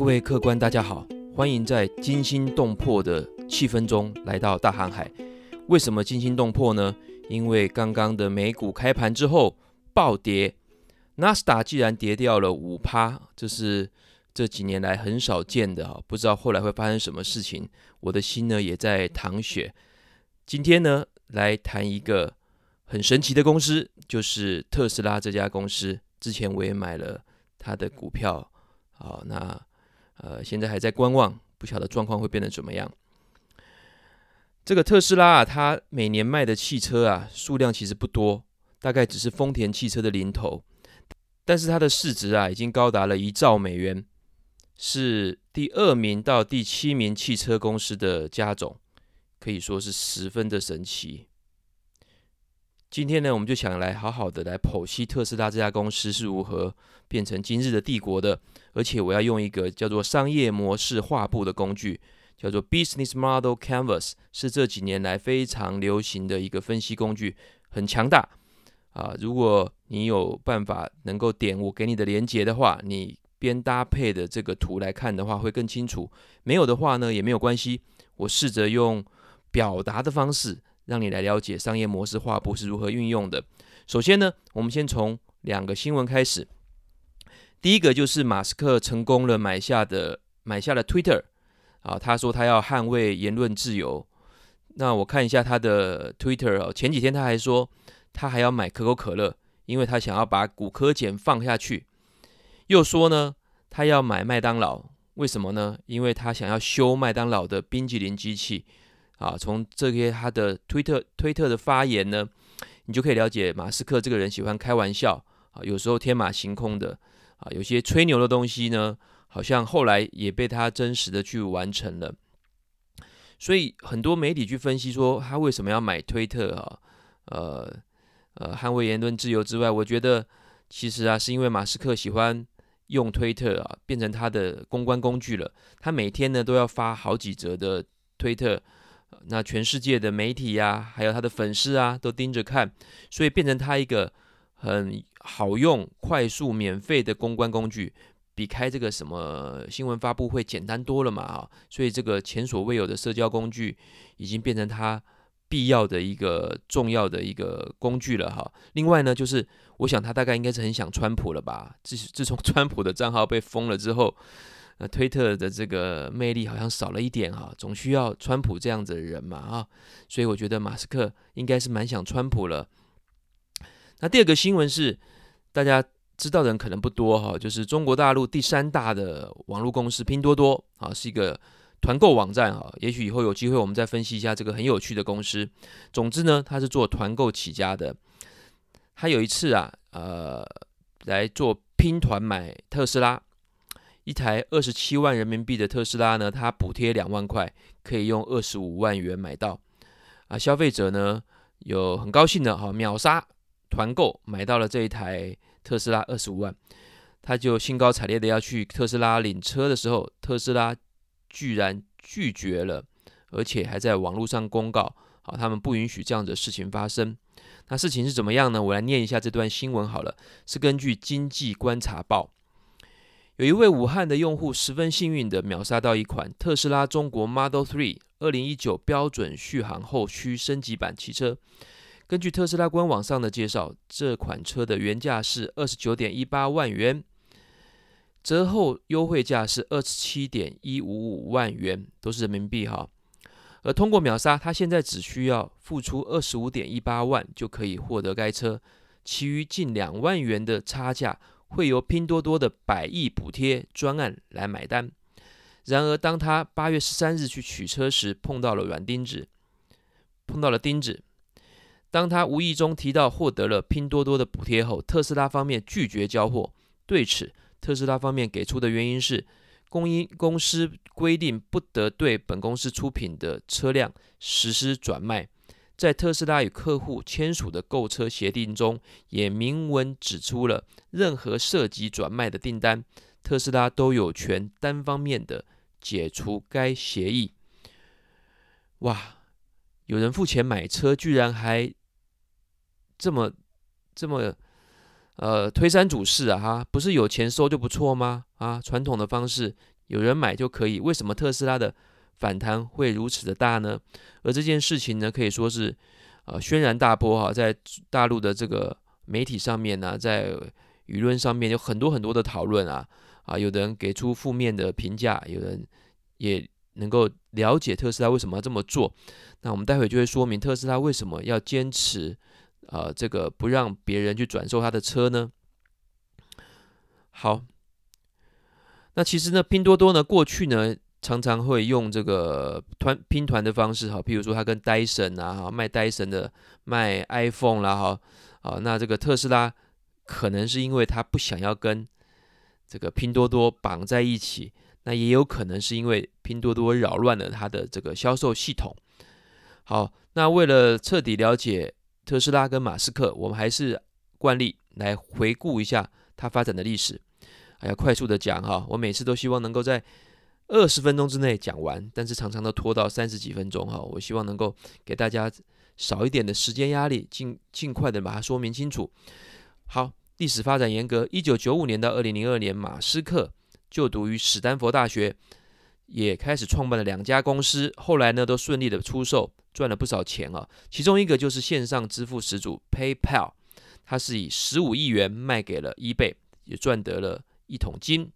各位客官，大家好，歡迎在驚心動魄的氣氛中來到大航海。為什麼驚心動魄呢？因為剛剛的美股開盤之後暴跌，納斯達克竟然跌掉了五趴，這是這幾年來很少見的啊！不知道後來會發生什麼事情，我的心呢也在淌血。今天呢，來談一個很神奇的公司，就是特斯拉這家公司。之前我也買了它的股票，好那。呃，現在還在觀望，不曉得狀況會變得怎麼樣。這個特斯拉啊，它每年賣的汽車啊數量其實不多，大概只是豐田汽車的零頭，但是它的市值啊已經高達了一兆美元，是第二名到第七名汽車公司的加總，可以說是十分的神奇。今天呢，我們就想來好好的來剖析特斯拉這家公司是如何變成今日的帝國的。而且我要用一個叫做商業模式畫布的工具，叫做 Business Model Canvas，是這幾年來非常流行的一個分析工具，很強大啊。如果你有辦法能夠點我給你的連接的話，你邊搭配的這個圖來看的話會更清楚。沒有的話呢，也沒有關係，我試着用表達的方式，讓你來了解商業模式畫布是如何運用的。首先呢，我們先從兩個新聞開始。第一個就是馬斯克成功了買下的買下了 Twitter 啊，他說他要捍衛言論自由。那我看一下他的 Twitter，啊，前幾天他還說他還要買可口可樂，因為他想要把古柯鹼放下去。又說呢，他要買麥當勞，為什麼呢？因為他想要修麥當勞的冰淇淋機器。啊，從這些他的推特推特的發言呢，你就可以了解馬斯克這個人喜歡開玩笑啊，有時候天馬行空的啊，有些吹牛的東西呢，好像後來也被他真實的去完成了。所以很多媒體去分析說他為什麼要買推特啊？呃呃，捍衛言論自由之外，我覺得其實啊，是因為馬斯克喜歡用推特啊，變成他的公關工具了。他每天呢都要發好幾則的推特。那全世界的媒體呀，還有他的粉絲啊，都盯着看，所以變成他一個很好用、快速、免費的公關工具，比開這個什麼新聞發布會簡單多了嘛啊！所以這個前所未有的社交工具已經變成他必要的一個重要的一個工具了哈。另外呢，就是我想他大概應該是很想川普了吧？自自從川普的賬號被封了之後。那推特的這個魅力好像少了一點哈、啊，總需要川普這樣子的人嘛啊，所以我覺得馬斯克應該是蠻想川普了。那第二個新聞是大家知道的人可能不多哈、啊，就是中國大陸第三大的網絡公司拼多多啊，是一個團購網站啊。也許以後有機會我們再分析一下這個很有趣的公司。總之呢，他是做團購起家的。他有一次啊，呃，來做拼團買特斯拉。一台二十七萬人民幣的特斯拉呢，它補貼兩萬塊，可以用二十五萬元買到。啊，消費者呢有很高興的哈，秒殺團購買到了這一台特斯拉二十五萬，他就興高采烈的要去特斯拉領車的時候，特斯拉居然拒絕了，而且還在網絡上公告，好，他們不允許這樣的事情發生。那事情是怎麼樣呢？我來念一下這段新聞好了，是根據《經濟觀察報》。有一位武漢的用戶十分幸運地秒殺到一款特斯拉中國 Model 3二零一九標準續航後驅升級版汽車。根據特斯拉官網上的介紹，這款車的原價是二十九點一八萬元，折後優惠價是二十七點一五五萬元，都是人民幣哈。而通過秒殺，他現在只需要付出二十五點一八萬就可以獲得該車，其餘近兩萬元的差價。會由拼多多的百億補貼專案來買單。然而，當他八月十三日去取車時，碰到了軟釘子，碰到了釘子。當他無意中提到獲得了拼多多的補貼後，特斯拉方面拒絕交貨。對此，特斯拉方面給出的原因是，公因公司規定不得對本公司出品的車輛實施轉賣。在特斯拉與客戶簽署的購車協定中，也明文指出了，任何涉及轉賣的訂單，特斯拉都有權單方面的解除該協議。哇，有人付錢買車，居然還這麼這麼呃推三阻四啊哈，不是有錢收就不錯嗎？啊，傳統的方式有人買就可以，為什麼特斯拉的？反彈會如此的大呢？而這件事情呢，可以說是呃，軒然大波哈、啊，在大陸的這個媒體上面呢、啊，在輿論上面有很多很多的討論啊啊，有的人給出負面的評價，有人也能夠了解特斯拉為什麼要這麼做。那我們待會就會說明特斯拉為什麼要堅持呃，這個不讓別人去轉售他的車呢？好，那其實呢，拼多多呢，過去呢。常常會用這個團拼團的方式哈，譬如說，他跟戴森啊，哈賣戴森的，賣 iPhone 啦、啊，哈好。那這個特斯拉可能是因為他不想要跟這個拼多多綁在一起，那也有可能是因為拼多多擾亂了他的這個銷售系統。好，那為了徹底了解特斯拉跟馬斯克，我們還是慣例來回顧一下他發展的歷史。哎，要快速的講哈，我每次都希望能夠在。二十分鐘之內講完，但是常常都拖到三十幾分鐘哈、哦。我希望能夠給大家少一點的時間壓力，儘儘快的把它說明清楚。好，歷史發展沿革。一九九五年到二零零二年，馬斯克就讀於史丹佛大學，也開始創辦了兩家公司，後來呢都順利的出售，賺了不少錢啊。其中一個就是線上支付始祖 PayPal，它是以十五億元賣給了 eBay，也賺得了一桶金。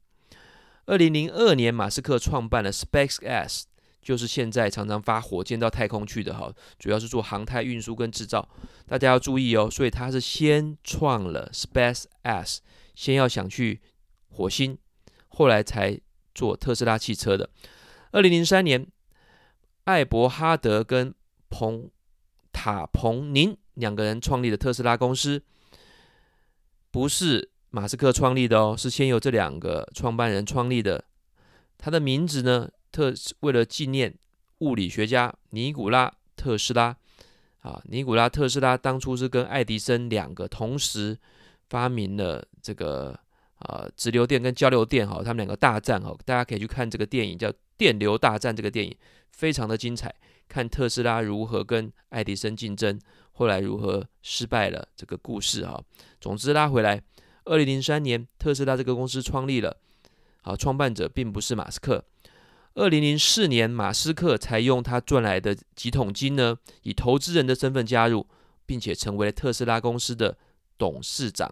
二零零二年，馬斯克創辦了 SpaceX，就是現在常常發火箭到太空去的哈，主要是做航太運輸跟製造。大家要注意哦，所以他是先創了 SpaceX，先要想去火星，後來才做特斯拉汽車的。二零零三年，艾伯哈德跟彭塔彭寧兩個人創立的特斯拉公司，不是。馬斯克創立的哦，是先由這兩個創辦人創立的。他的名字呢，特為了紀念物理學家尼古拉·特斯拉啊。尼古拉·特斯拉當初是跟愛迪生兩個同時發明了這個啊直流電跟交流電哈。他們兩個大戰哈，大家可以去看這個電影叫《電流大戰》，這個電影非常的精彩，看特斯拉如何跟愛迪生競爭，後來如何失敗了這個故事哈。總之拉回來。二零零三年，特斯拉這個公司創立了，啊，創辦者並不是馬斯克。二零零四年，馬斯克才用他賺來的幾桶金呢，以投資人的身份加入，並且成為了特斯拉公司的董事長。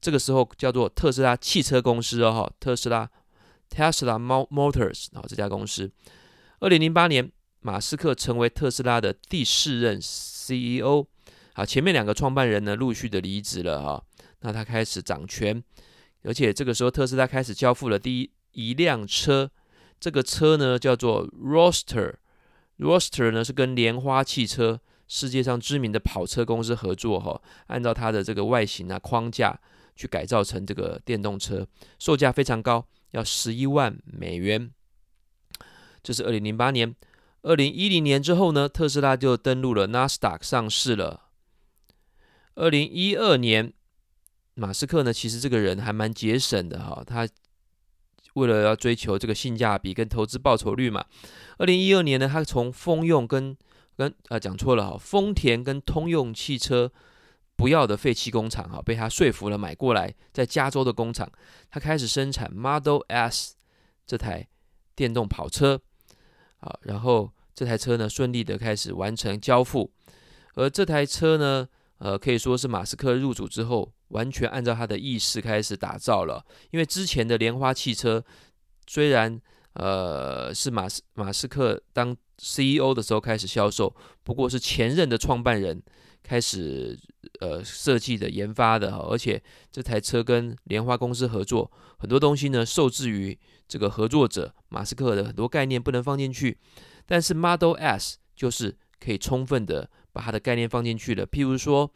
這個時候叫做特斯拉汽車公司哦，特斯拉 Tesla Motors 啊，這家公司。二零零八年，馬斯克成為特斯拉的第四任 CEO，啊，前面兩個創辦人呢陸續的離職了哈。那他開始掌權，而且這個時候特斯拉開始交付了第一一輛車，這個車呢叫做 Roadster，Roadster 呢是跟蓮花汽車，世界上知名的跑車公司合作哈、哦，按照它的這個外形啊框架去改造成這個電動車，售價非常高，要十一萬美元。這是二零零八年，二零一零年之後呢，特斯拉就登陸了 NASDAQ 上市了，二零一二年。馬斯克呢，其實這個人還蠻節省的哈、哦。他為了要追求這個性價比跟投資報酬率嘛，二零一二年呢，他從豐用跟跟啊講錯了哈、哦，豐田跟通用汽車不要的廢棄工廠哈、哦，被他說服了買過來，在加州的工廠，他開始生產 Model S 這台電動跑車，好，然後這台車呢順利的開始完成交付，而這台車呢。呃，可以說是馬斯克入主之後，完全按照他的意思開始打造了。因為之前的蓮花汽車，雖然呃是馬斯馬斯克當 CEO 的時候開始銷售，不過是前任的創辦人開始呃設計的研發的，而且這台車跟蓮花公司合作，很多東西呢受制於這個合作者，馬斯克的很多概念不能放進去，但是 Model S 就是可以充分的。把它的概念放進去了，譬如說，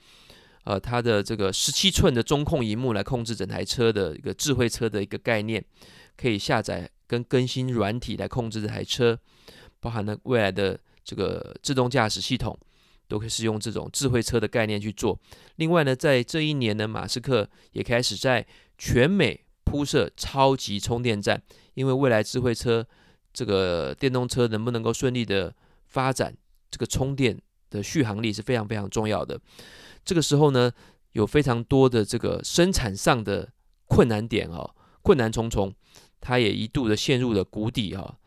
呃，它的這個十七寸的中控熒幕來控制整台車的一個智慧車的一個概念，可以下載跟更新軟體來控制這台車，包含呢未來的這個自動駕駛系統，都可以是用這種智慧車的概念去做。另外呢，在這一年呢，馬斯克也開始在全美鋪設超級充電站，因為未來智慧車這個電動車能不能夠順利的發展，這個充電的續航力是非常非常重要的。這個時候呢，有非常多的這個生產上的困難點哦，困難重重，它也一度的陷入了谷底啊，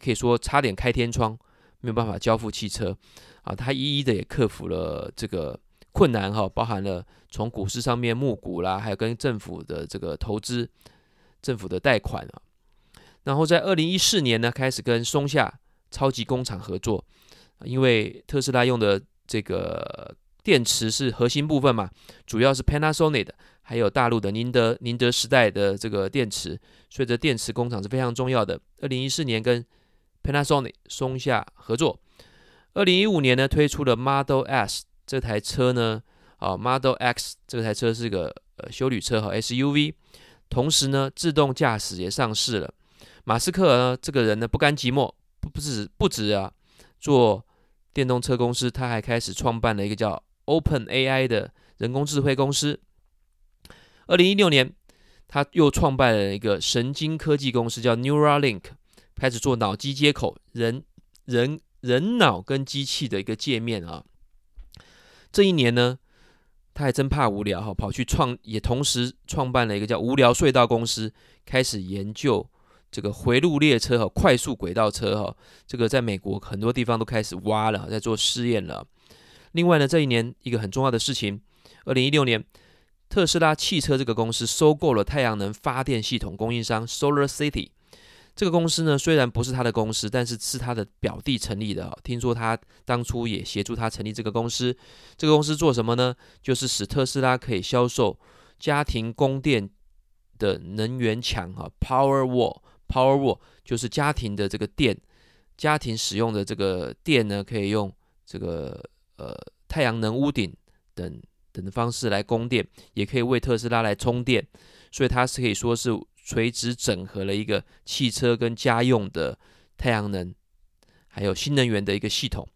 可以說差點開天窗，沒有辦法交付汽車啊。它一一的也克服了這個困難哈，包含了從股市上面募股啦，還有跟政府的這個投資、政府的貸款啊。然後在二零一四年呢，開始跟松下超級工廠合作。因為特斯拉用的這個電池是核心部分嘛，主要是 Panasonic 的，還有大陸的寧德寧德時代的這個電池，所以這電池工廠是非常重要的。二零一四年跟 Panasonic 松下合作，二零一五年呢，推出了 Model S 這台車呢，啊 Model X 這台車是個呃休旅車和 SUV，同時呢自動駕駛也上市了。馬斯克呢這個人呢不甘寂寞，不不止不止啊做。電動車公司，他還開始創辦了一個叫 OpenAI 的人工智慧公司。二零一六年，他又創辦了一個神經科技公司，叫 Neuralink，開始做腦機接口，人人人腦跟機器的一個界面啊。這一年呢，他還真怕無聊哈，跑去創，也同時創辦了一個叫無聊隧道公司，開始研究。這個回路列車和快速軌道車哈，這個在美國很多地方都開始挖了，在做試驗了。另外呢，這一年一個很重要的事情，二零一六年，特斯拉汽車這個公司收購了太陽能發電系統供應商 SolarCity。這個公司呢，雖然不是他的公司，但是是他的表弟成立的。聽說他當初也協助他成立這個公司。這個公司做什麼呢？就是使特斯拉可以銷售家庭供電的能源牆哈，PowerWall。Power wall, Powerwall 就是家庭的這個電，家庭使用的這個電呢，可以用這個呃太陽能屋頂等等的方式來供電，也可以為特斯拉來充電，所以它是可以說是垂直整合了一個汽車跟家用的太陽能還有新能源的一個系統。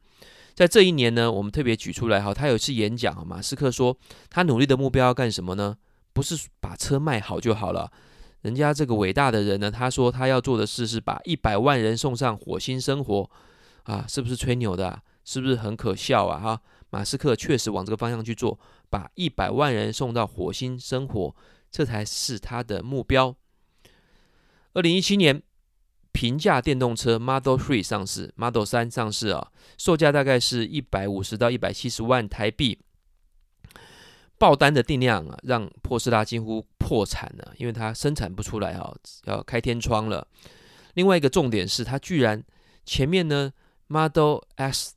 在這一年呢，我們特別舉出來哈，他有一次演講，馬斯克說他努力的目標要幹什麼呢？不是把車賣好就好了。人家這個偉大的人呢，他說他要做的事是把一百萬人送上火星生活，啊，是不是吹牛的啊？是不是很可笑啊？哈，啊，馬斯克確實往這個方向去做，把一百萬人送到火星生活，這才是他的目標。二零一七年，平價電動車 Model 3上市，Model 3上市啊，售價大概是一百五十到一百七十萬台幣。爆單的定量啊，讓特斯拉幾乎破產了，因為它生產不出來哦、啊，要開天窗了。另外一個重點是，它居然前面呢，Model S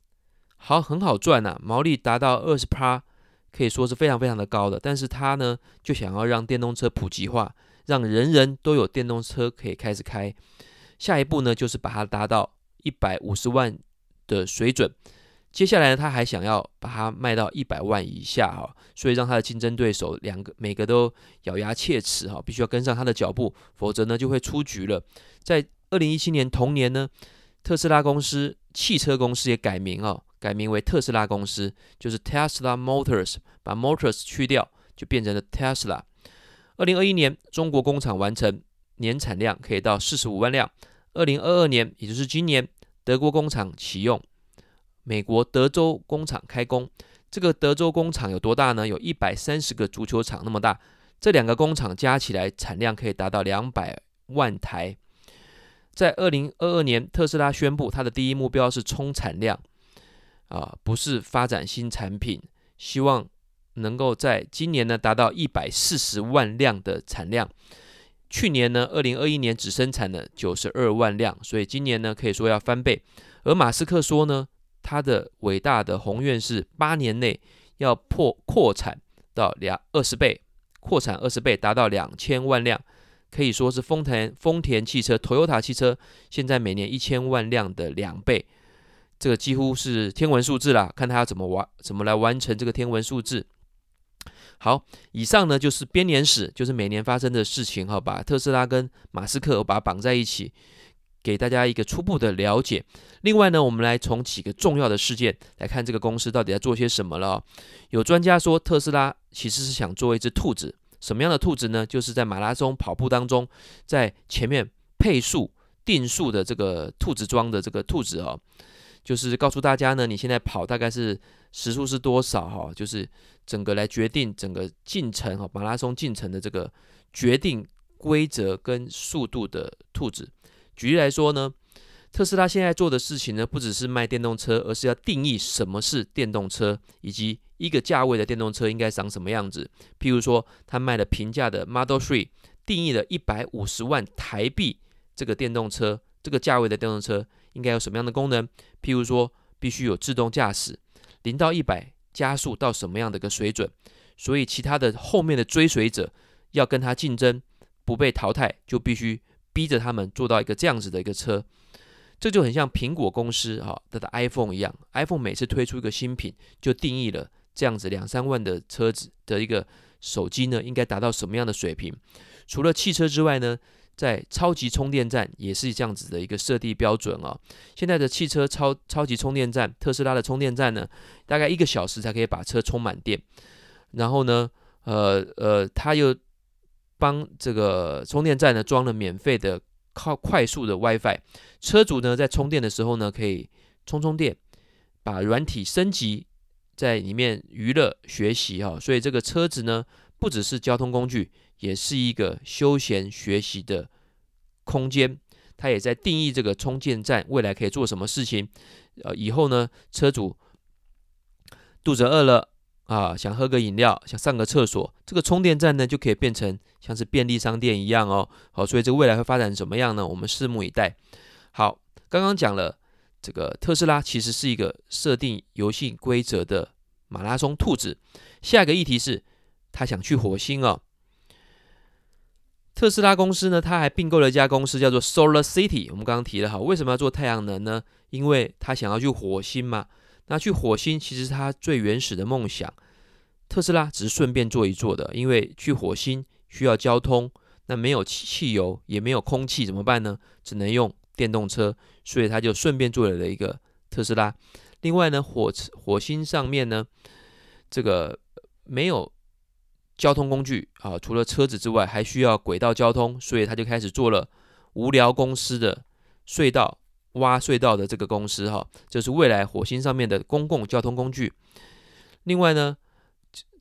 好很好賺吶、啊，毛利達到二十趴，可以說是非常非常的高的。但是它呢，就想要讓電動車普及化，讓人人都有電動車可以開始開。下一步呢，就是把它達到一百五十萬的水準。接下來呢，他還想要把它賣到一百萬以下哈、哦，所以讓他的競爭對手兩個每個都咬牙切齒哈、哦，必須要跟上他的腳步，否則呢，就會出局了。在二零一七年同年呢，特斯拉公司汽車公司也改名哦，改名為特斯拉公司，就是 Tesla Motors，把 Motors 去掉就變成了 Tesla。二零二一年中國工廠完成，年產量可以到四十五萬輛，二零二二年也就是今年，德國工廠啟用，美國德州工廠開工，這個德州工廠有多大呢？有一百三十個足球場那麼大。這兩個工廠加起來產量可以達到兩百萬台。在二零二二年，特斯拉宣布它的第一目標是衝產量，啊、呃，不是發展新產品，希望能夠在今年呢達到一百四十萬輛的產量。去年呢，二零二一年只生產了九十二萬輛，所以今年呢可以說要翻倍。而馬斯克說呢。他的偉大的宏願是八年內要破擴產到兩二十倍，擴產二十倍達到兩千萬輛，可以說是豐田豐田汽車、Toyota 汽車現在每年一千萬輛的兩倍，這個幾乎是天文數字啦，看他要怎麼玩，怎麼來完成這個天文數字。好，以上呢就是編年史，就是每年發生的事情哈。把特斯拉跟馬斯克我把它綁在一起。給大家一個初步的了解。另外呢，我們來從幾個重要的事件來看這個公司到底在做些什麼了、哦。有專家說，特斯拉其實是想做一隻兔子，什麼樣的兔子呢？就是在馬拉松跑步當中，在前面配速定速的這個兔子裝的這個兔子啊、哦，就是告訴大家呢，你現在跑大概是時速是多少哈、哦？就是整個來決定整個進程哈、哦，馬拉松進程的這個決定規則跟速度的兔子。舉例來說呢，特斯拉現在做的事情呢，不只是賣電動車，而是要定義什麼是電動車，以及一個價位的電動車應該長什麼樣子。譬如說，他賣的平價的 Model 3，定義了一百五十萬台幣這個電動車，這個價位的電動車應該有什麼樣的功能？譬如說，必須有自動駕駛，零到一百加速到什麼樣的一個水準？所以，其他的後面的追隨者要跟他競爭，不被淘汰就必須。逼着他們做到一個這樣子的一個車，這就很像蘋果公司哈，它的 iPhone 一樣，iPhone 每次推出一個新品，就定義了這樣子兩三萬的車子的一個手機呢，應該達到什麼樣的水平。除了汽車之外呢，在超級充電站也是這樣子的一個設定標準啊、哦。現在的汽車超超級充電站，特斯拉的充電站呢，大概一個小時才可以把車充滿電。然後呢，呃呃，他又。幫這個充電站呢裝了免費的靠快速的 WiFi，車主呢在充電的時候呢可以充充電，把軟體升級，在裡面娛樂學習哈、哦，所以這個車子呢不只是交通工具，也是一個休閒學習的空間。他也在定義這個充電站未來可以做什麼事情。呃，以後呢車主肚子餓了。啊，想喝個飲料，想上個廁所，這個充電站呢就可以變成像是便利商店一樣哦。好，所以這個未來會發展怎麼樣呢？我們拭目以待。好，剛剛講了這個特斯拉其實是一個設定遊戲規則的馬拉松兔子。下一個議題是，他想去火星哦。特斯拉公司呢，他還併購了一家公司叫做 Solar City。我們剛剛提了哈，為什麼要做太陽能呢？因為他想要去火星嘛。那去火星其實是他最原始的夢想，特斯拉只是順便做一做的，因為去火星需要交通，那沒有汽汽油也沒有空氣怎麼辦呢？只能用電動車，所以他就順便做了一個特斯拉。另外呢，火火星上面呢，這個沒有交通工具啊，除了車子之外，還需要軌道交通，所以他就開始做了無聊公司的隧道。挖隧道的這個公司，哈，就是未來火星上面的公共交通工具。另外呢，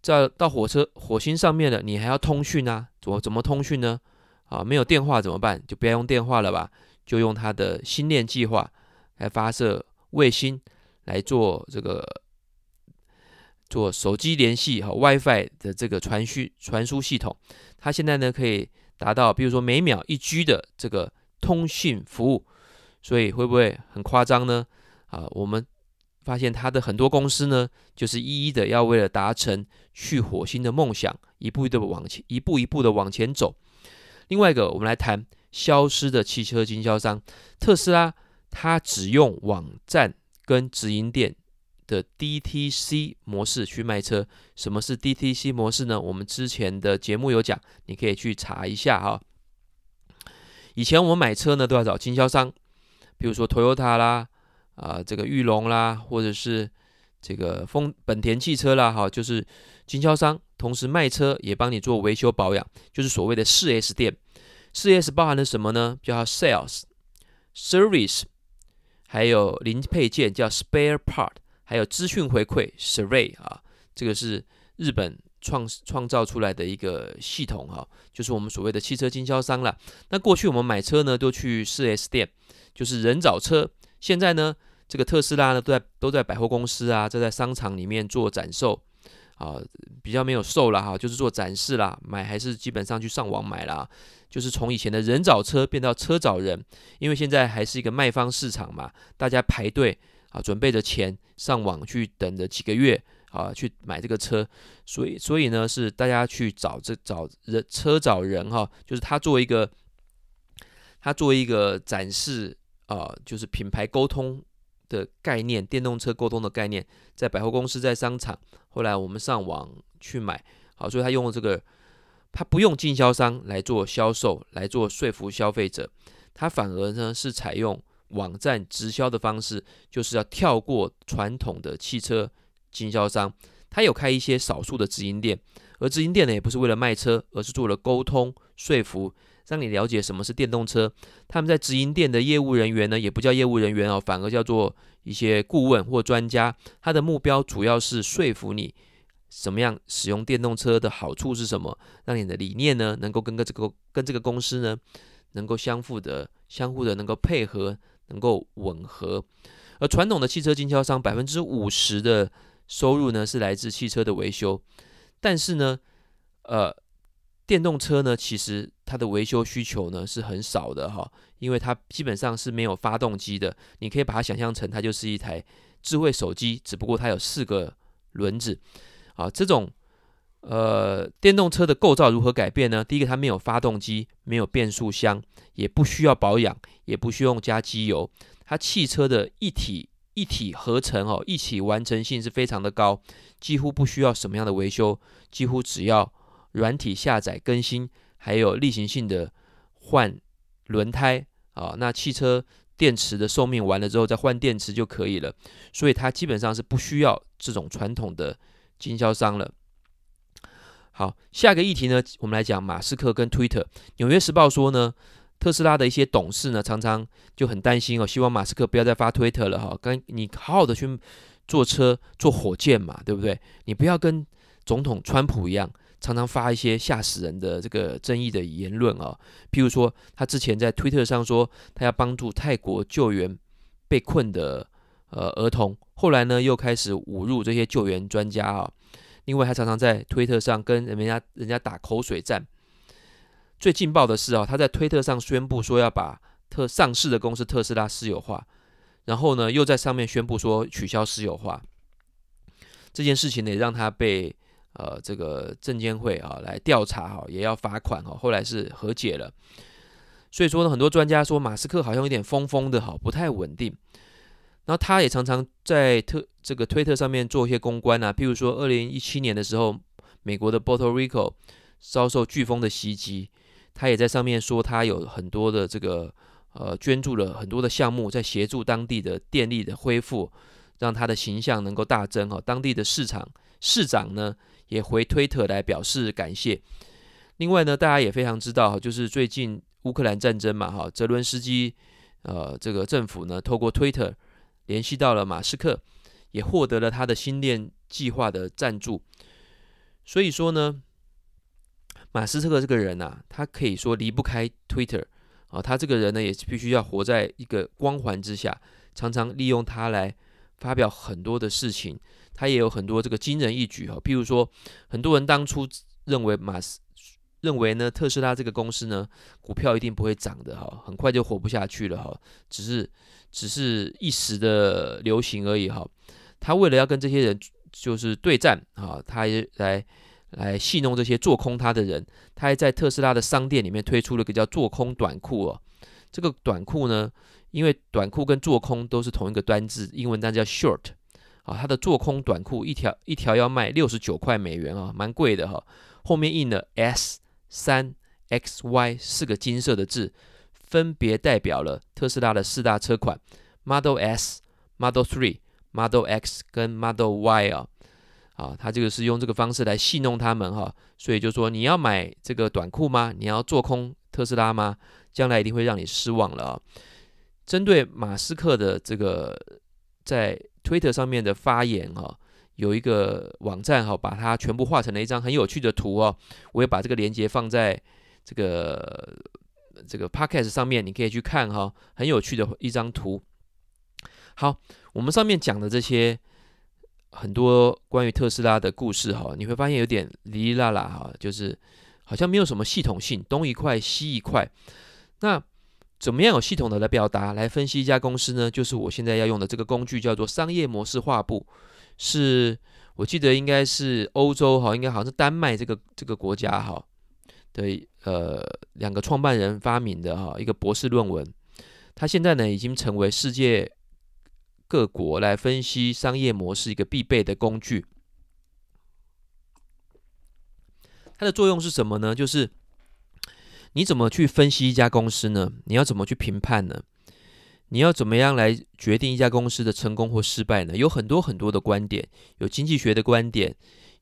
這到火車火星上面了，你還要通訊啊，怎麼怎麼通訊呢？啊，沒有電話怎麼辦？就不要用電話了吧，就用它的星鏈計劃來發射衛星來做這個做手機聯繫和 WiFi 的這個傳輸傳輸系統。它現在呢可以達到，比如說每秒一 G 的這個通訊服務。所以會不會很誇張呢？啊，我們發現它的很多公司呢，就是一一的要為了達成去火星的夢想，一步一步的往前，一步一步的往前走。另外一個，我們來談消失的汽車經銷商，特斯拉，它只用網站跟直營店的 DTC 模式去賣車。什麼是 DTC 模式呢？我們之前的節目有講，你可以去查一下哈、哦。以前我們買車呢，都要找經銷商。比如說 Toyota 啦，啊，這個裕隆啦，或者是這個豐本田汽車啦，哈，就是經銷商同時賣車也幫你做維修保養，就是所謂的四 S 店。四 S 包含了什麼呢？叫 Sales、Service，還有零配件叫 Spare Part，還有資訊回饋 Survey 啊，這個是日本創創造出來的一個系統哈，就是我們所謂的汽車經銷商了。那過去我們買車呢，都去四 S 店。就是人找車，現在呢，這個特斯拉呢都在都在百貨公司啊，這在商場裡面做展售，啊，比較沒有售了哈，啊，就是做展示啦，買還是基本上去上網買啦。就是從以前的人找車變到車找人，因為現在還是一個賣方市場嘛，大家排隊啊，準備着錢上網去等着幾個月啊去買這個車，所以所以呢是大家去找這找人車找人哈，啊，就是他作為一個。他作為一個展示啊、呃，就是品牌溝通的概念，電動車溝通的概念，在百貨公司、在商場。後來我們上網去買，好，所以他用了這個，他不用經銷商來做銷售、來做說服消費者，他反而呢是採用網站直銷的方式，就是要跳過傳統的汽車經銷商。他有開一些少數的直營店，而直營店呢也不是為了賣車，而是做了溝通說服。讓你了解什麼是電動車。他們在直營店的業務人員呢，也不叫業務人員哦，反而叫做一些顧問或專家。他的目標主要是說服你怎麼樣使用電動車的好處是什麼，讓你的理念呢能夠跟個這個跟這個公司呢能夠相互的相互的能夠配合，能夠吻合。而傳統的汽車經銷商百分之五十的收入呢是來自汽車的維修，但是呢，呃，電動車呢其實。它的維修需求呢是很少的哈，因為它基本上是沒有發動機的，你可以把它想象成它就是一台智慧手機，只不過它有四個輪子。啊。這種呃電動車的構造如何改變呢？第一個，它沒有發動機，沒有變速箱，也不需要保養，也不需要用加機油。它汽車的一體一體合成哦，一體完成性是非常的高，幾乎不需要什麼樣的維修，幾乎只要軟體下載更新。還有例行性的換輪胎啊，那汽車電池的壽命完了之後再換電池就可以了，所以它基本上是不需要這種傳統的經銷商了。好，下個議題呢，我們來講馬斯克跟 Twitter。紐約時報說呢，特斯拉的一些董事呢，常常就很擔心哦，希望馬斯克不要再發 Twitter 了哈、哦，跟你好好的去坐車、坐火箭嘛，對不對？你不要跟總統川普一樣。常常發一些嚇死人的這個爭議的言論哦，譬如說，他之前在推特上說他要幫助泰國救援被困的呃兒童，後來呢又開始侮辱這些救援專家啊，另外他常常在推特上跟人家人家打口水戰。最勁爆的是啊，他在推特上宣布說要把特上市的公司特斯拉私有化，然後呢又在上面宣布說取消私有化。這件事情呢讓他被。呃，這個證監會啊，來調查哈，也要罰款哈。後來是和解了，所以說呢，很多專家說馬斯克好像有點瘋瘋的哈，不太穩定。然後他也常常在特這個推特上面做一些公關吶、啊，譬如說二零一七年的時候，美國的 b o l i v r i c o 遭受颶風的襲擊，他也在上面說他有很多的這個呃捐助了很多的項目，在協助當地的電力的恢復，讓他的形象能夠大增哈、哦。當地的市場市長呢，也回推特來表示感謝。另外呢，大家也非常知道，就是最近烏克蘭戰爭嘛，哈，澤倫斯基呃，這個政府呢，透過推特聯繫到了馬斯克，也獲得了他的星鏈計畫的贊助。所以說呢，馬斯克這個人呢，啊，他可以說離不開推特啊，他這個人呢，也必須要活在一個光環之下，常常利用他來發表很多的事情。他也有很多這個驚人之語哈，譬如說，很多人當初認為馬斯，認為呢特斯拉這個公司呢股票一定不會漲的哈，很快就活不下去了哈，只是只是一時的流行而已哈。他為了要跟這些人就是對戰哈，他也來來戲弄這些做空他的人，他還在特斯拉的商店裡面推出了一個叫做空短褲哦，這個短褲呢，因為短褲跟做空都是同一個端字，英文單叫 short。啊，它的做空短褲一條一條要賣六十九塊美元啊，蠻貴的哈、啊。後面印了 S 三 X Y 四個金色的字，分別代表了特斯拉的四大車款 Model S、Model 3、Model X 跟 Model Y 啊。啊，他這個是用這個方式來戲弄他們哈、啊。所以就說你要買這個短褲嗎？你要做空特斯拉嗎？將來一定會讓你失望了啊。針對馬斯克的這個在 Twitter 上面的發言啊，有一個網站哈，把它全部畫成了一張很有趣的圖哦。我也把這個連接放在這個這個 Podcast 上面，你可以去看哈，很有趣的一張圖。好，我們上面講的這些很多關於特斯拉的故事哈，你會發現有點哩哩啦啦哈，就是好像沒有什麼系統性，東一塊西一塊。那怎麼樣有系統的來表達、來分析一家公司呢？就是我現在要用的這個工具，叫做商業模式畫布，是我記得應該是歐洲哈，應該好像是丹麥這個這個國家哈對，呃兩個創辦人發明的哈，一個博士論文。它現在呢已經成為世界各國來分析商業模式一個必備的工具。它的作用是什麼呢？就是。你怎麼去分析一家公司呢？你要怎麼去評判呢？你要怎麼樣來決定一家公司的成功或失敗呢？有很多很多的觀點，有經濟學的觀點，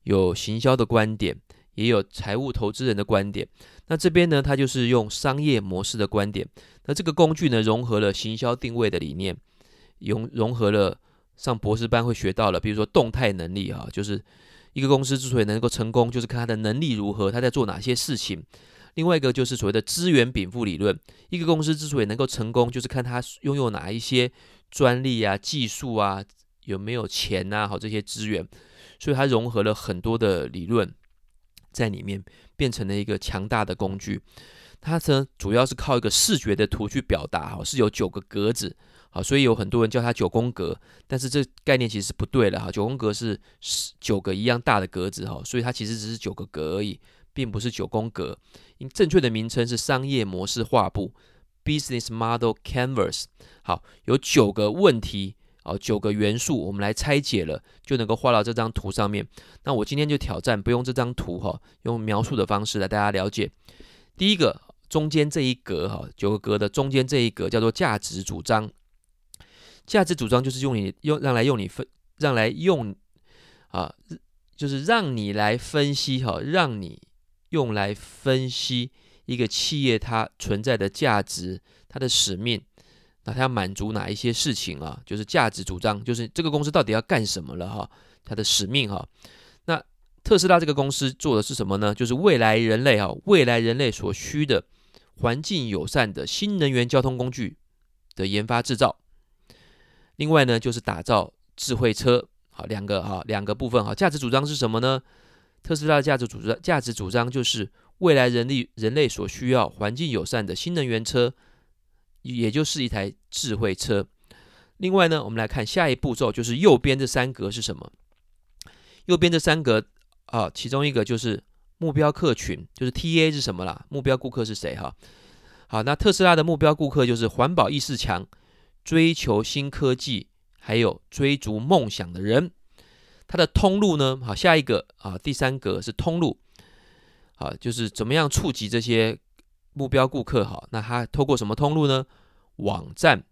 有行銷的觀點，也有財務投資人的觀點。那這邊呢，它就是用商業模式的觀點。那這個工具呢，融合了行銷定位的理念，融融合了上博士班會學到了，比如說動態能力啊，就是一個公司之所以能夠成功，就是看他的能力如何，他在做哪些事情。另外一個就是所謂的資源禀賦理論，一個公司之所以能夠成功，就是看他擁有哪一些專利啊、技術啊，有沒有錢吶、啊，好，這些資源，所以它融合了很多的理論在裡面，變成了一個強大的工具。它呢，主要是靠一個視覺的圖去表達，哈，是有九個格子，好，所以有很多人叫它九宮格，但是這概念其實不對了，哈，九宮格是九個一樣大的格子，哈，所以它其實只是九個格而已。並不是九宮格，正確的名稱是商業模式畫布 （Business Model Canvas）。好，有九個問題，哦，九個元素，我們來拆解了，就能夠畫到這張圖上面。那我今天就挑戰不用這張圖，哈，用描述的方式來大家了解。第一個，中間這一格，哈，九個格的中間這一格叫做價值主張。價值主張就是用你用讓來用你分讓來用啊，就是讓你來分析，哈，讓你。用來分析一個企業它存在的價值、它的使命，那它要滿足哪一些事情啊？就是價值主張，就是這個公司到底要幹什麼了哈？它的使命哈？那特斯拉這個公司做的是什麼呢？就是未來人類哈，未來人類所需的環境友善的新能源交通工具的研發製造。另外呢，就是打造智慧車，好兩個哈，好兩個部分哈。價值主張是什麼呢？特斯拉的價值主張，價值主張就是未來人力人類所需要、環境友善的新能源車，也就是一台智慧車。另外呢，我們來看下一步驟，就是右邊這三格是什麼？右邊這三格啊，其中一個就是目標客群，就是 TA 是什麼啦？目標顧客是誰？哈，好，那特斯拉的目標顧客就是環保意識強、追求新科技、還有追逐夢想的人。它的通路呢？好，下一個啊，第三格是通路，啊，就是怎麼樣觸及這些目標顧客？好，那他透過什麼通路呢？網站、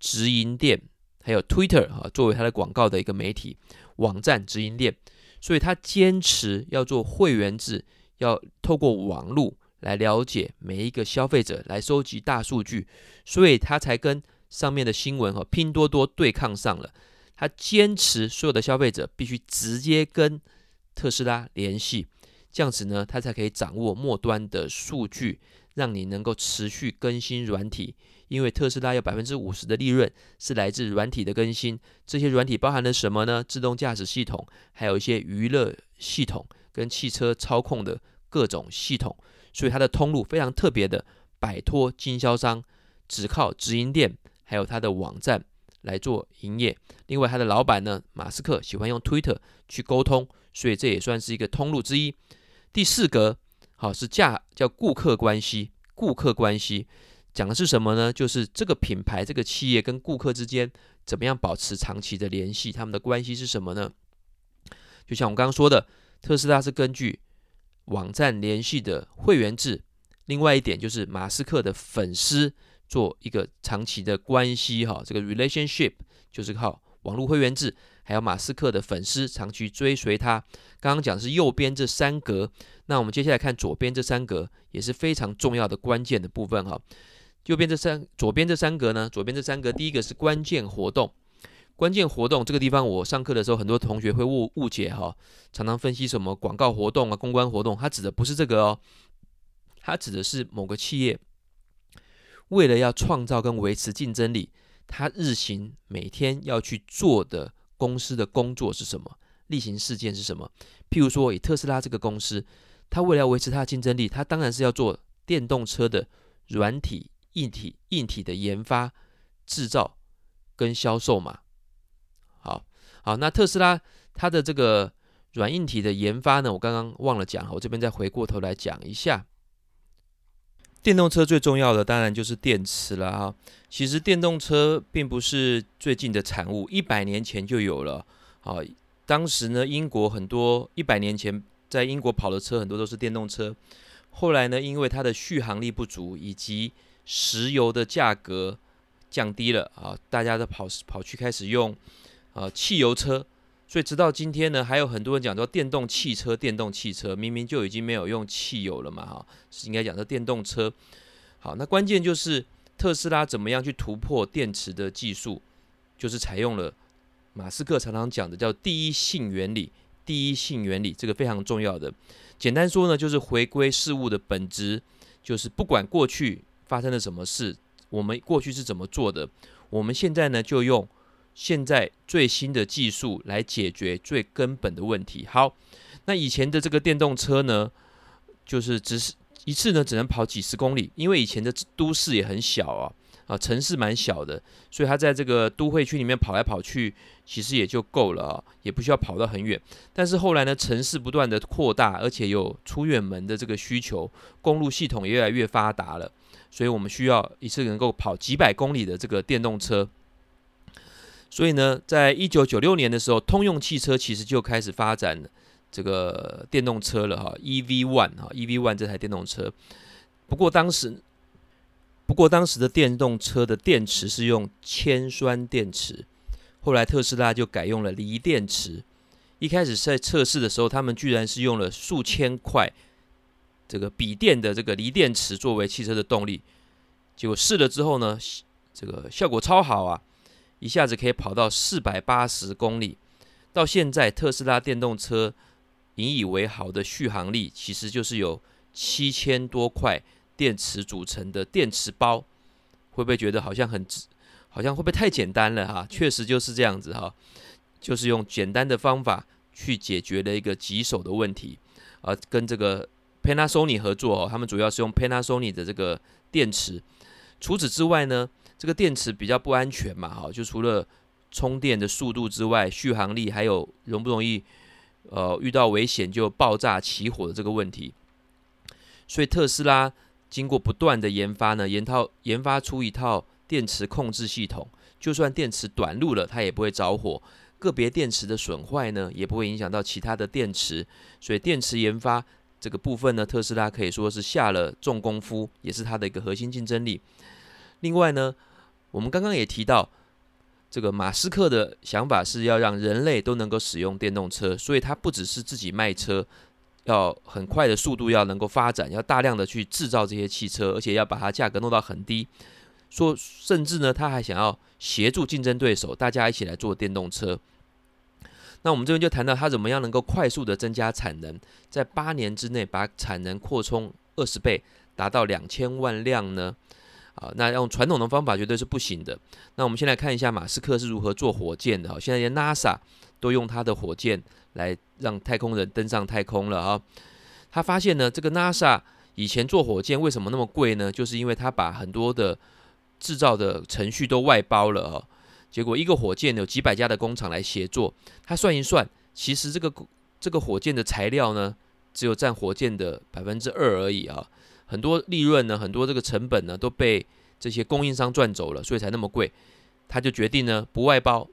直營店，還有 Twitter，啊，作為他的廣告的一個媒體，網站、直營店，所以他堅持要做會員制，要透過網絡來了解每一個消費者，來收集大數據，所以他才跟上面的新聞和，啊，拼多多對抗上了。他堅持所有的消費者必須直接跟特斯拉聯繫，這樣子呢，他才可以掌握末端的數據，讓你能夠持續更新軟體。因為特斯拉有百分之五十的利潤是來自軟體的更新，這些軟體包含了什麼呢？自動駕駛系統，還有一些娛樂系統跟汽車操控的各種系統。所以它的通路非常特別的，擺脫經銷商，只靠直營店，還有它的網站。來做營業。另外，他的老板呢，馬斯克喜歡用 Twitter 去溝通，所以這也算是一個通路之一。第四格，好，是價，叫顧客關係。顧客關係講的是什麼呢？就是這個品牌、這個企業跟顧客之間怎麼樣保持長期的聯繫，他們的關係是什麼呢？就像我剛剛說的，特斯拉是根據網站聯繫的會員制。另外一點就是馬斯克的粉絲。做一個長期的關係哈，這個 relationship 就是靠網絡會員制，還有馬斯克的粉絲長期追隨他。剛剛講的是右邊這三格，那我們接下來看左邊這三格也是非常重要的關鍵的部分哈。右邊這三，左邊這三格呢，左邊這三格第一個是關鍵活動，關鍵活動這個地方我上課的時候很多同學會誤誤解哈，常常分析什麼廣告活動啊、公關活動，它指的不是這個哦，它指的是某個企業。為了要創造跟維持競爭力，他日行每天要去做的公司的工作是什麼？例行事件是什麼？譬如說，以特斯拉這個公司，他為了維持它的競爭力，他當然是要做電動車的軟體、硬體、硬體的研發、製造跟銷售嘛。好，好，那特斯拉它的這個軟硬體的研發呢，我剛剛忘了講，我這邊再回過頭來講一下。電動車最重要的當然就是電池了啊，其實電動車並不是最近的產物，一百年前就有了啊，當時呢，英國很多一百年前在英國跑的車很多都是電動車，後來呢，因為它的續航力不足以及石油的價格降低了啊，大家都跑跑去開始用啊汽油車。所以直到今天呢，還有很多人講說電動汽車，電動汽車明明就已經沒有用汽油了嘛，哈，是應該講的電動車。好，那關鍵就是特斯拉怎麼樣去突破電池的技術，就是採用了馬斯克常常講的叫第一性原理。第一性原理這個非常重要的，簡單說呢，就是回歸事物的本質，就是不管過去發生了什麼事，我們過去是怎麼做的，我們現在呢就用。現在最新的技術來解決最根本的問題。好，那以前的這個電動車呢，就是只是一次呢只能跑幾十公里，因為以前的都市也很小啊，啊城市蠻小的，所以它在這個都會區裡面跑來跑去，其實也就夠了啊，也不需要跑到很遠。但是後來呢，城市不斷的擴大，而且有出遠門的這個需求，公路系統也越來越發達了，所以我們需要一次能夠跑幾百公里的這個電動車。所以呢，在一九九六年的時候，通用汽車其實就開始發展了這個電動車了哈，EV One 哈，EV One 這台電動車。不過當時，不過當時的電動車的電池是用鉛酸電池，後來特斯拉就改用了鋰電池。一開始在測試的時候，他們居然是用了數千塊這個筆電的這個鋰電池作為汽車的動力，結果試了之後呢，這個效果超好啊。一下子可以跑到四百八十公里，到現在特斯拉電動車引以為豪的續航力，其實就是有七千多塊電池組成的電池包，會不會覺得好像很，好像會不會太簡單了哈、啊？確實就是這樣子哈、啊，就是用簡單的方法去解決了一個棘手的問題，啊，跟這個 Panasonic 合作哦、啊，他們主要是用 Panasonic 的這個電池，除此之外呢，這個電池比較不安全嘛，哈，就除了充電的速度之外，續航力還有容不容易，呃，遇到危險就爆炸起火的這個問題。所以特斯拉經過不斷的研發呢，研套研發出一套電池控制系統，就算電池短路了，它也不會着火；個別電池的損壞呢，也不會影響到其他的電池。所以電池研發這個部分呢，特斯拉可以說是下了重功夫，也是它的一個核心競爭力。另外呢，我們剛剛也提到，這個馬斯克的想法是要讓人類都能夠使用電動車，所以他不只是自己賣車，要很快的速度，要能夠發展，要大量的去製造這些汽車，而且要把它價格弄到很低。說，甚至呢，他還想要協助競爭對手，大家一起來做電動車。那我們這邊就談到他怎麼樣能夠快速的增加產能，在八年之內把產能擴充二十倍，達到兩千萬輛呢？好，那用傳統的方法絕對是不行的。那我們先來看一下馬斯克是如何做火箭的哈，現在連 NASA 都用他的火箭來讓太空人登上太空了啊。他發現呢，這個 NASA 以前做火箭為什麼那麼貴呢？就是因為他把很多的制造的程序都外包了啊。結果一個火箭有幾百家的工廠來協作。他算一算，其實這個這個火箭的材料呢，只有占火箭的百分之二而已啊。很多利潤呢，很多這個成本呢都被這些供應商賺走了，所以才那麼貴。他就決定呢不外包，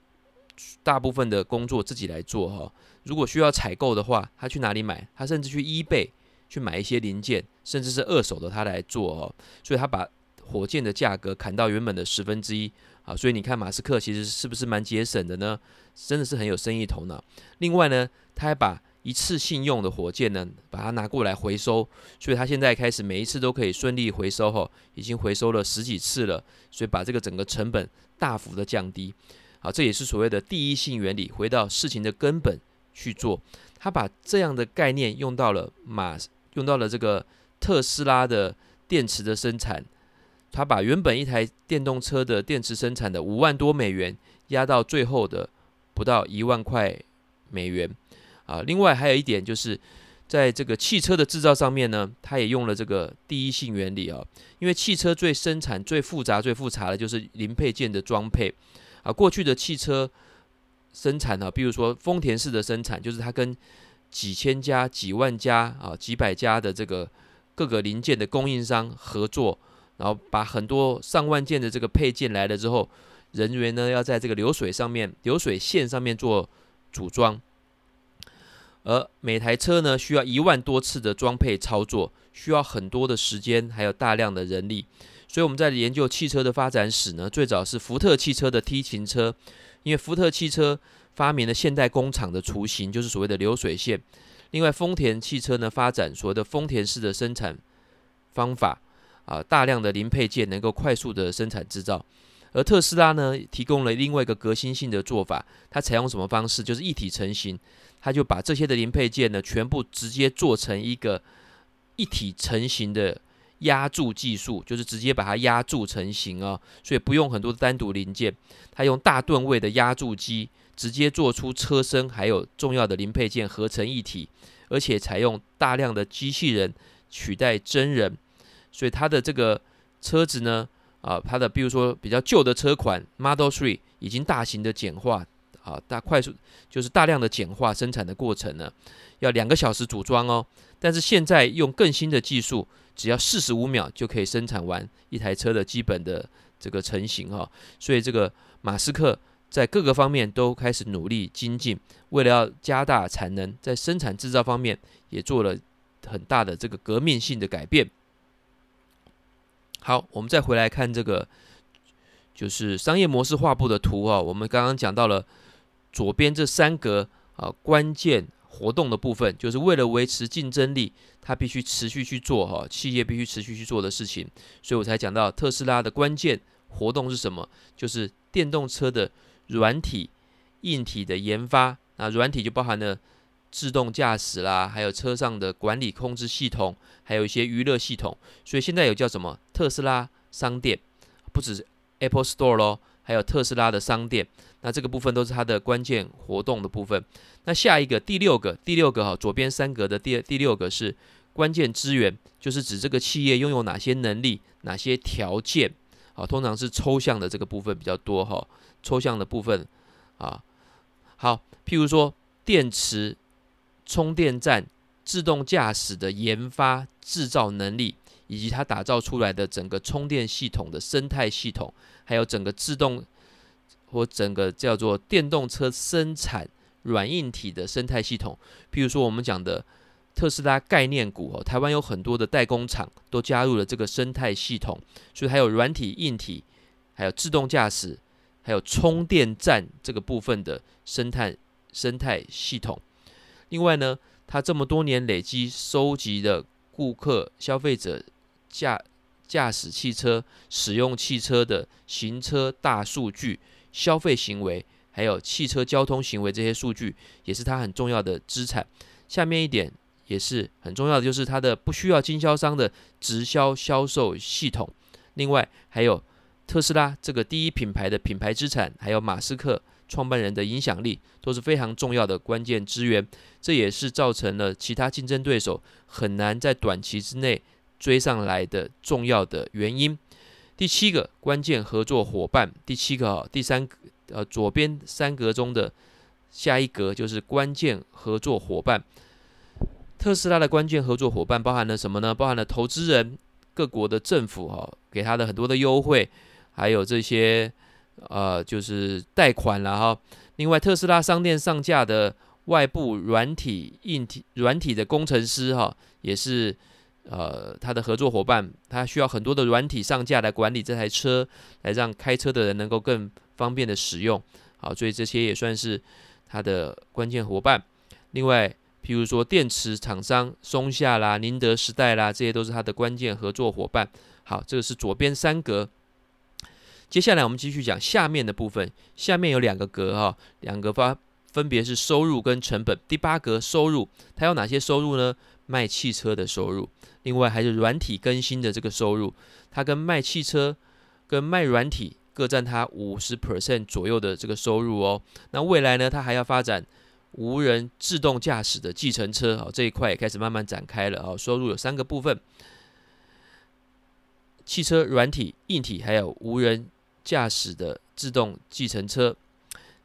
大部分的工作自己來做哈、哦。如果需要採購的話，他去哪裡買？他甚至去 eBay 去買一些零件，甚至是二手的他來做哦。所以他把火箭的價格砍到原本的十分之一啊。所以你看馬斯克其實是不是蠻節省的呢？真的是很有生意頭腦。另外呢，他還把一次性用的火箭呢，把它拿過來回收，所以它現在開始每一次都可以順利回收，吼已經回收了十幾次了，所以把這個整個成本大幅的降低，啊，這也是所謂的第一性原理，回到事情的根本去做。他把這樣的概念用到了馬，用到了這個特斯拉的電池的生產，他把原本一台電動車的電池生產的五萬多美元壓到最後的不到一萬塊美元。啊，另外還有一點就是，在這個汽車的製造上面呢，它也用了這個第一性原理啊。因為汽車最生產最複雜最複雜的，就是零配件的裝配啊。過去的汽車生產呢，啊，比如說豐田式的生產，就是它跟幾千家、幾萬家啊、幾百家的這個各個零件的供應商合作，然後把很多上萬件的這個配件來了之後，人員呢要在這個流水上面、流水線上面做組裝。而每台車呢，需要一萬多次的裝配操作，需要很多的時間，還有大量的人力。所以我們在研究汽車的發展史呢，最早是福特汽車的 T 型車，因為福特汽車發明了現代工廠的雛形，就是所謂的流水線。另外，豐田汽車呢，發展所謂的豐田式的生產方法，啊，大量的零配件能夠快速的生產製造。而特斯拉呢，提供了另外一個革新性的做法。它採用什麼方式？就是一體成型。它就把這些的零配件呢，全部直接做成一個一體成型的壓鑄技術，就是直接把它壓鑄成型啊、哦，所以不用很多單獨零件。它用大噸位的壓鑄機直接做出車身，還有重要的零配件合成一體，而且採用大量的機器人取代真人，所以它的這個車子呢。啊，它的比如說比較舊的車款 Model 3已經大型的簡化，啊，大快速就是大量的簡化生產的過程呢，要兩個小時組裝哦。但是現在用更新的技術，只要四十五秒就可以生產完一台車的基本的這個成型哈、哦。所以這個馬斯克在各個方面都開始努力精進，為了要加大產能，在生產製造方面也做了很大的這個革命性的改變。好，我們再回來看這個，就是商業模式畫布的圖啊、哦。我們剛剛講到了左邊這三格啊，關鍵活動的部分，就是為了維持競爭力，它必須持續去做哈、啊，企業必須持續去做的事情。所以我才講到特斯拉的關鍵活動是什麼，就是電動車的軟體、硬體的研發。那軟體就包含了自動駕駛啦，還有車上的管理控制系統，還有一些娛樂系統。所以現在有叫什麼？特斯拉商店，不只是 Apple Store 咯，還有特斯拉的商店。那這個部分都是它的關鍵活動的部分。那下一個第六個第六個哈，左邊三格的第第六個是關鍵資源，就是指這個企業擁有哪些能力、哪些條件啊，通常是抽象的這個部分比較多哈、啊，抽象的部分啊。好，譬如說，電池、充電站、自動駕駛的研發制造能力，以及它打造出來的整個充電系統的生態系統，還有整個自動或整個叫做電動車生產軟硬體的生態系統，譬如說我們講的特斯拉概念股哦，台灣有很多的代工廠都加入了這個生態系統，所以還有軟體、硬體、還有自動駕駛、還有充電站這個部分的生態生態系統。另外呢，它這麼多年累積收集的顧客消費者。駕駕駛汽車、使用汽車的行車大數據、消費行為，還有汽車交通行為這些數據，也是它很重要的資產。下面一點也是很重要的，就是它的不需要經銷商的直銷銷售系統。另外，還有特斯拉這個第一品牌的品牌資產，還有馬斯克創辦人的影響力，都是非常重要的關鍵資源。這也是造成了其他競爭對手很難在短期之內。追上來的重要的原因，第七個關鍵合作夥伴，第七個哈，第三，呃，左邊三格中的下一格就是關鍵合作夥伴。特斯拉的關鍵合作夥伴包含了什麼呢？包含了投資人、各國的政府哈，給他的很多的優惠，還有這些呃，就是貸款了哈。另外，特斯拉商店上架的外部軟體、硬體、軟體的工程師哈，也是。呃，它的合作夥伴，它需要很多的軟體上架來管理這台車，來讓開車的人能夠更方便的使用，好，所以這些也算是它的關鍵夥伴。另外，譬如說電池廠商松下啦、寧德時代啦，這些都是它的關鍵合作夥伴。好，這個是左邊三格，接下來我們繼續講下面的部分，下面有兩個格哈、哦，兩個方。分別是收入跟成本。第八格收入，它有哪些收入呢？賣汽車的收入，另外還是軟體更新的這個收入。它跟賣汽車、跟賣軟體各占它五十 percent 左右的這個收入哦。那未來呢，它還要發展無人自動駕駛的計程車哦，這一塊也開始慢慢展開了哦。收入有三個部分：汽車、軟體、硬體，還有無人駕駛的自動計程車。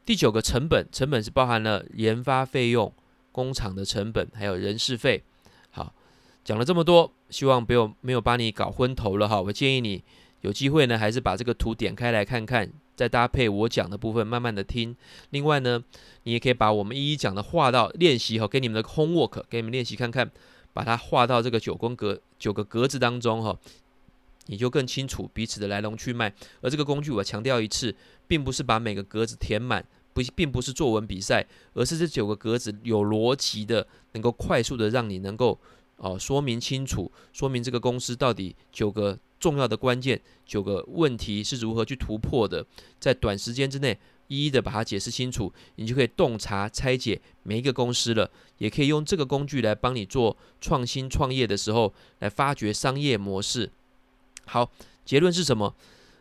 第九個成本，成本是包含了研發費用、工廠的成本，還有人事費。好，講了這麼多，希望沒有沒有把你搞昏頭了哈。我建議你有機會呢，還是把這個圖點開來看看，再搭配我講的部分，慢慢的聽。另外呢，你也可以把我們一一講的畫到練習哈，給你們的 homework，給你們練習看看，把它畫到這個九宮格九個格子當中哈，你就更清楚彼此的來龍去脈。而這個工具我強調一次，並不是把每個格子填滿。不，並不是作文比賽，而是這九個格子有邏輯的，能夠快速的讓你能夠哦說明清楚，說明這個公司到底九個重要的關鍵，九個問題是如何去突破的，在短時間之內一一的把它解釋清楚，你就可以洞察拆解每一個公司了，也可以用這個工具來幫你做創新創業的時候來發掘商業模式。好，結論是什麼？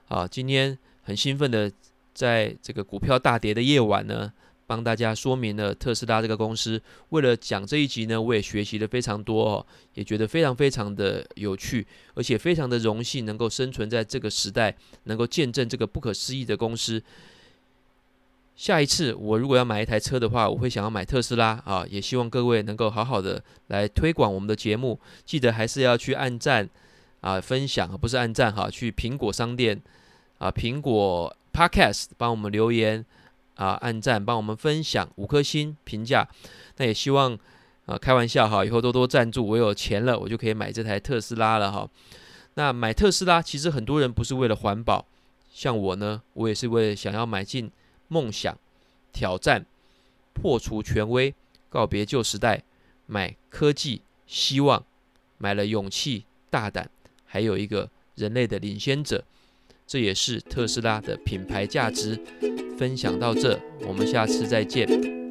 啊，今天很興奮的。在這個股票大跌的夜晚呢，幫大家說明了特斯拉這個公司。為了講這一集呢，我也學習了非常多哦，也覺得非常非常的有趣，而且非常的榮幸能夠生存在這個時代，能夠見證這個不可思議的公司。下一次我如果要買一台車的話，我會想要買特斯拉啊！也希望各位能夠好好的來推廣我們的節目，記得還是要去按讚啊，分享不是按讚哈、啊，去蘋果商店啊，蘋果。Podcast 幫我們留言啊，按讚幫我們分享五顆星評價。那也希望呃、啊、開玩笑哈，以後多多贊助，我有錢了，我就可以買這台特斯拉了哈。那買特斯拉其實很多人不是為了環保，像我呢，我也是為了想要買進夢想、挑戰、破除權威、告別舊時代，買科技、希望、買了勇氣大膽，還有一個人類的領先者。這也是特斯拉的品牌價值，分享到這，我們下次再見。